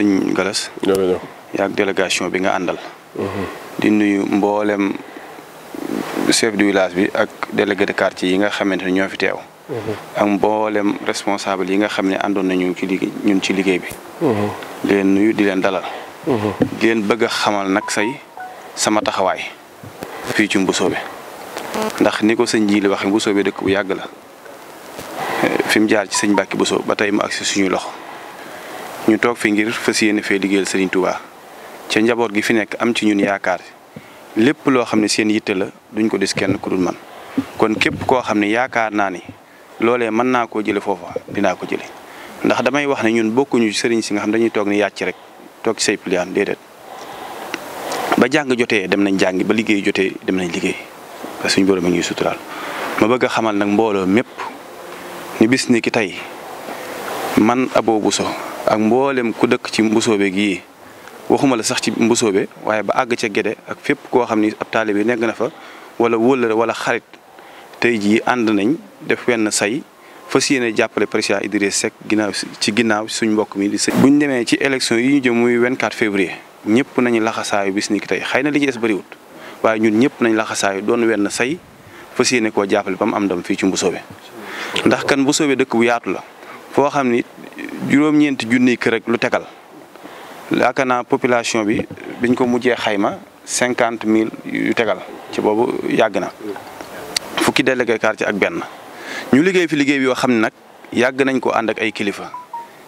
sëñ Galas. jërëjëf yaag délégation bi nga àndal. Mhm. di nuyu mbooleem chef de village bi ak délégué de yi nga xamante ne ñoo fi teew. Mhm. ak mboolem responsable yi nga xam ne àndoon nañu ci liggéey ñun ci liggéey bi. Mhm. di leen nuyu di leen dalal. di leen bëgg a xamal nag say sama taxawaay. fii ci Mbusoobe ndax ni ko sëñ ji li waxee Mbusoobe dëkk bu yàgg la fi jaar ci sëñ Mbàkke Bousso ba tey mu agsi suñuy loxo. ñu toog fi ngir fas yéene fee liggéeyal Serigne Touba ca njaboot gi fi nekk am ci ñun yaakaar lépp loo xam ne seen yitte la duñ ko des kenn ku dul man kon képp koo xam ne yaakaar naa ni loole mën naa koo jële foofa dinaa ko jële ndax damay wax ne ñun bokkuñu sëriñ si nga xam dañuy toog ni yàcc rek toog ci say pliaan déedéet ba jàng jotee dem nañ jàng ba liggéey jotee dem nañ liggéey parce que suñu borom a suturaal ma bëgg a xamal nag mbooloo mépp ni ni ki tey man Abo Bousso ak mboolem ku dëkk ci mbusoobe gii waxuma la sax ci mbusoobe waaye ba àgg ca Gédé ak fépp koo xam ni ab taalibe nekk na fa wala wóllëre wala xarit tey jii ànd nañ def wenn say fas yéene jàppale président Idriss Seck ginnaaw ci ginnaaw suñ mbokk mi bu ñu demee ci élection yi ñu jëm muy 24 février ñëpp nañu laxasaayu bis ni tey xëy na li ci des bëriwut waaye ñun ñëpp nañ laxasaayu doon wenn say fas yéene koo jàppale ba mu am ndam fii ci mbusoobe ndax kan mbusoobe juróom-ñeenti junniy kër ak lu tegal yaakaar naa population bi biñ ko mujjee xayma cinquante mille yu tegal ci boobu yàgg na fukki délégué quartier ak benn ñu liggéey fi liggéey bi yoo xam ne nag yàgg nañ ko ànd ak ay kilifa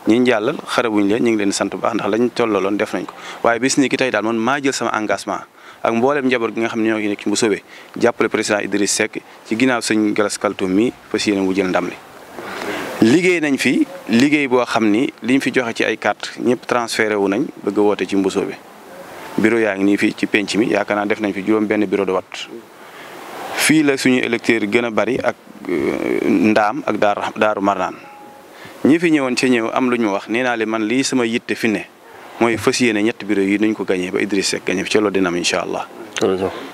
ñi ñu jàllal xarabuñ leen ñu ngi leen sant baax ndax lañ tollaloon def nañ ko waaye bis ni ki tey daal man maa jël sama engagement ak mbooleem njaboot gi nga xam ne ñoo ngi nekk ci Mboussobé jàppale président Idriss Seck ci ginnaaw sëñ Galas Kaltoum mi fas wu jël ndam li liggéey nañ fi liggéey boo xam ni liñ fi joxe ci ay carte ñëpp transféré wu nañ bëgg woote ci mbosoo bi bureau yaa ngi nii fii ci penc mi yaakaar naa def nañ fi juróom benn bureau de wat fii la suñu électeur gën a bari ak euh, ndaam ak daaru daaru marnaan ñi fi ñëwoon ca ñëw am lu ñu ma wax nee naa leen man lii sama yitte fi ne mooy fas yéene ñetti bureau yi nuñ ko gañee ba Idriss Seck gañee fi ca loolu dina am allah.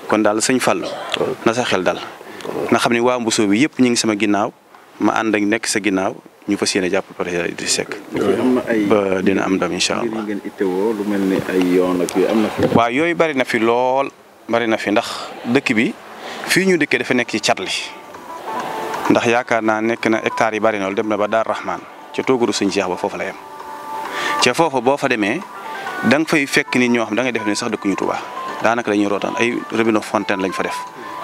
kon daal sëñ Fallou na sa xel daal nga xam ne waa mbosoo bi yëpp ñu ngi sama ginnaaw. ma ànd ak nekk sa ginnaaw ñu fa yéene jàppale président Idriss Seck. ba dina am ndam incha allah. lu mel ni ay yoon ak am na fi. waaw yooyu bari na fi lool bari na fi ndax dëkk bi fii ñu dëkkee dafa nekk ci cat li ndax yaakaar naa nekk na hectares yi bari na dem na ba Daar Rahman ca Togoru Sëñ Cheikh ba foofu la yem ca foofa boo fa demee da fay fekk nit ñoo xam da ngay def ne sax dëkkuñu Touba daanaka dañuy rootaan ay robinet fontaine lañ fa def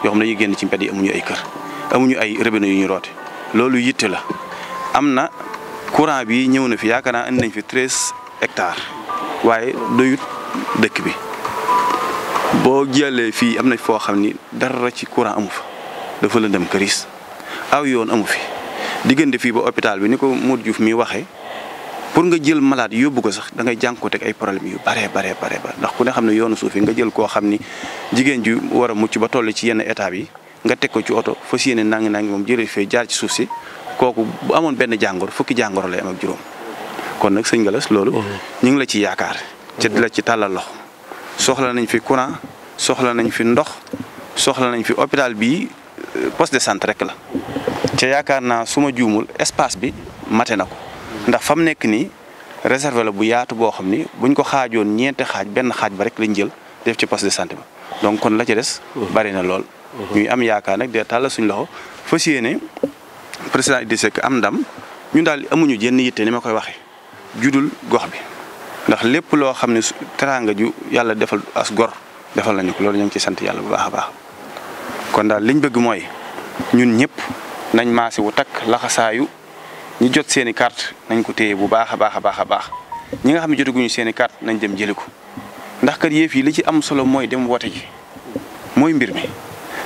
yoo xam ne dañuy génn ci mbedd yi amuñu ay kër amuñu ay robinet yu ñu roote loolu yitte la am na courant bi ñëw na fi yaakaar naa indi nañ fi treize hectares waaye doyut dëkk bi boo jëlee fii am na foo xam ni dara ci courant amu fa dafa la dem këris aw yoon amu fi diggante fii ba hôpital bi ni ko mut juuf mi waxee pour nga jël malade yóbbu ko sax da ngay jànkuwuteeg ay problème yu bare bare bare ndax ku ne xam ne yoonu suuf yi nga jël koo xam ni jigéen ju war a mucc ba toll ci yenn état bi nga teg ko ci oto fas yéene nangi nangi moom jëlee fee jaar ci suuf si kooku bu amoon benn jàngoro fukki jàngoro lay am ak juróom kon nag sëñ nga les loolu. Mhm. ñu ngi la ci yaakaar. te la ci tàllal loxo. soxla nañ fi courant soxla nañ fi ndox soxla nañ fi hôpital bii euh, poste de santé rek la te yaakaar naa suma ma juumul espace bi mate na ko ndax fa mu nekk ni réservé la bu yaatu boo xam ni buñ ko xaajoon ñeenti xaaj benn xaaj ba rek lañ jël def ci poste de santé ba donc kon la ci des. Mhm. bari na lool. ñuy am yaakaar nag de tàllal suñ loxo fas yéene président Idrissa Seck am ndam ñun daal amuñu jenn yitte ni ma koy waxee judul gox bi ndax lépp loo xam ne teraanga ju yàlla defal as gor defal nañu ko loolu ñu ci sant yàlla bu baax a baax kon daal liñ bëgg mooy ñun ñëpp nañ maase wu takk laxasaayu ñi jot seen i carte nañ ko téye bu baax a baax a baax a baax ñi nga xam ne jotaguñu seen i nañ dem jëli ko ndax kat yëf yi li ci am solo mooy dem woote ji mooy mbir mi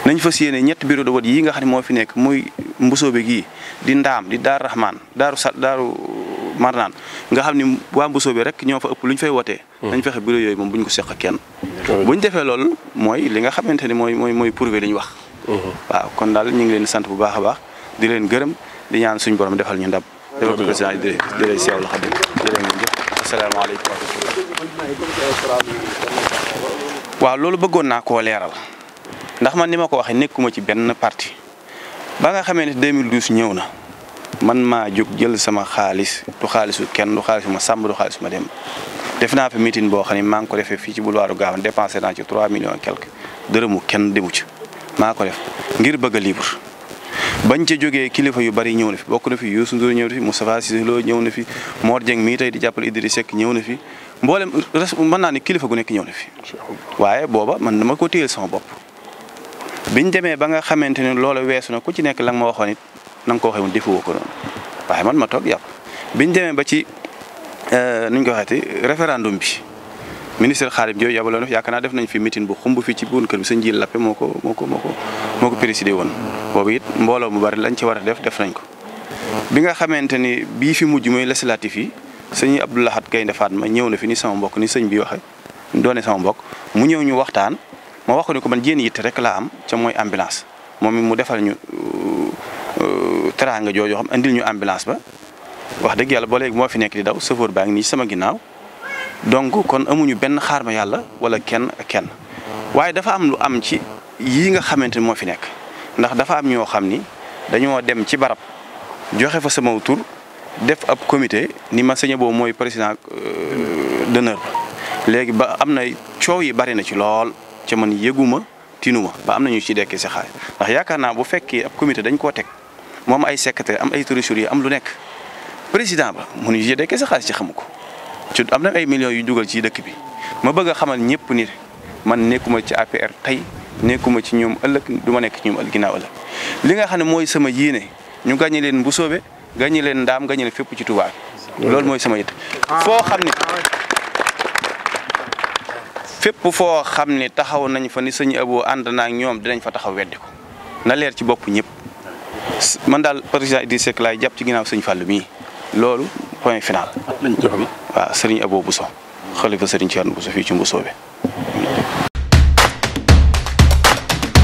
nañ fas yéene ñetti bureau de vote yi nga xam ne moo fi nekk muy mbusoobe gii di ndaam di daaru rahman daaru sa daaru marnaan nga xam ni waa mbusoobe rek ñoo fa ëpp lu ñu fay wotee hmm. nañ fexe bureau yooyu moom bu ñu ko seq kenn hmm. bu ñu defee loolu mooy li nga xamante ni mooy mooy mooy prouvé li wax hmm. waaw kon daal ñu ngi leen sant bu baax a baax di leen gërëm di ñaan suñu borom defal ñu ndam defal ko président di lay seewal xam ne jërë ngeen jëf asalaamaaleykum waaw loolu bëggoon naa koo leeral ndax man ni ma ko waxee nekkuma ci benn parti ba nga xamee ne 2012 ñëw na man maa jóg jël sama xaalis du xaalisu kenn du xaalisu ma sàmm du xaalisu ma dem def naa fi meeting boo xam ne maa ngi ko defee fii ci boulevard Gawane dépensé naa ci 3 millions quelque dërëmu kenn demu ci maa ko def ngir bëgg a libre bañ ca jógee kilifa yu bari ñëw na fi bokk na fi Youssou Ndour ñëw na fi Moustapha Cissé Lo ñëw na fi Mor Dieng mii tey di jàppale Idriss Seck ñëw na fi mboolem mën naa ne kilifa gu nekk ñëw na fi waaye booba man dama ko téyel sama bopp. biñ demee ba nga xamante ni loola weesu na ku ci nekk la nga ma waxoon it na ko waxee woon defuwoo ko noonu waaye man ma toog yàpp biñ demee ba ci euh, nuñ ko waxeeti référendum bi ministre Khadim Diop yabaloon yaakaar naa def nañ fi meeting bu xumb fi ci buun kër bi sa njiil lappe moo ko moo ko moo ko moo ko woon boobu it mbooloo mu bari lañ ci war a def def nañ ko bi nga xamante ni bii fi mujj mooy législatif yi sëñ Abdou Lahad Gaynde ma ñëw na fi ni sama mbokk ni sëñ bi waxe doone sama mbokk mu ñëw ñu waxtaan ma wax ko ni ko man jéen yitte rek laa am ca mooy ambulance moom mu defal ñu euh, euh, teraanga joojoo xam indil ñu ambulance ba wax dëgg yàlla ba léegi moo fi nekk di daw chauffeur baa ngi nii sama ginnaaw donc kon amuñu benn xaar ma yàlla wala kenn kenn waaye dafa am lu am ci yi nga xamante moo fi nekk ndax dafa am ñoo xam ni dañoo dem ci barab joxe fa sama tur def ab comité ni ma sëñ boobu mooy président euh, d'honneur léegi ba am na coow yi bari na ci lool. ca man yëguma tinuma ba am nañu ci dekki si xaar yaakaar naa bu fekkee ab comité dañ koo teg mu ay secrétaire am ay trésorier am lu nekk président ba mënuñu ci dekkee sa xaalis ci xamu ko ci am na ay millions yu dugal ci dëkk bi ma bëgg a xamal ñëpp ni man nekkuma ci APR tey nekkuma ci ñoom ëllëg du ma nekk ci ñoom ginnaaw ëllëg li nga xam ne mooy sama yéene ñu gàññi leen Mbusoobe gàññi leen Ndaam gàññi leen fépp ci Tuubaa loolu mooy sama yitte foo xam ne fépp foo xam ne taxaw nañ fa ni sëñ Abo ànd naa ñoom dinañ fa taxaw weddi ko na leer ci bopp ñëpp man daal président Idrissa Seck laay jàpp ci ginnaaw sëñ fàll mii loolu point final. waaw sëriñ Abo Bousso xalifa sëriñ Thierno Bousso fii ci Mbousso bi.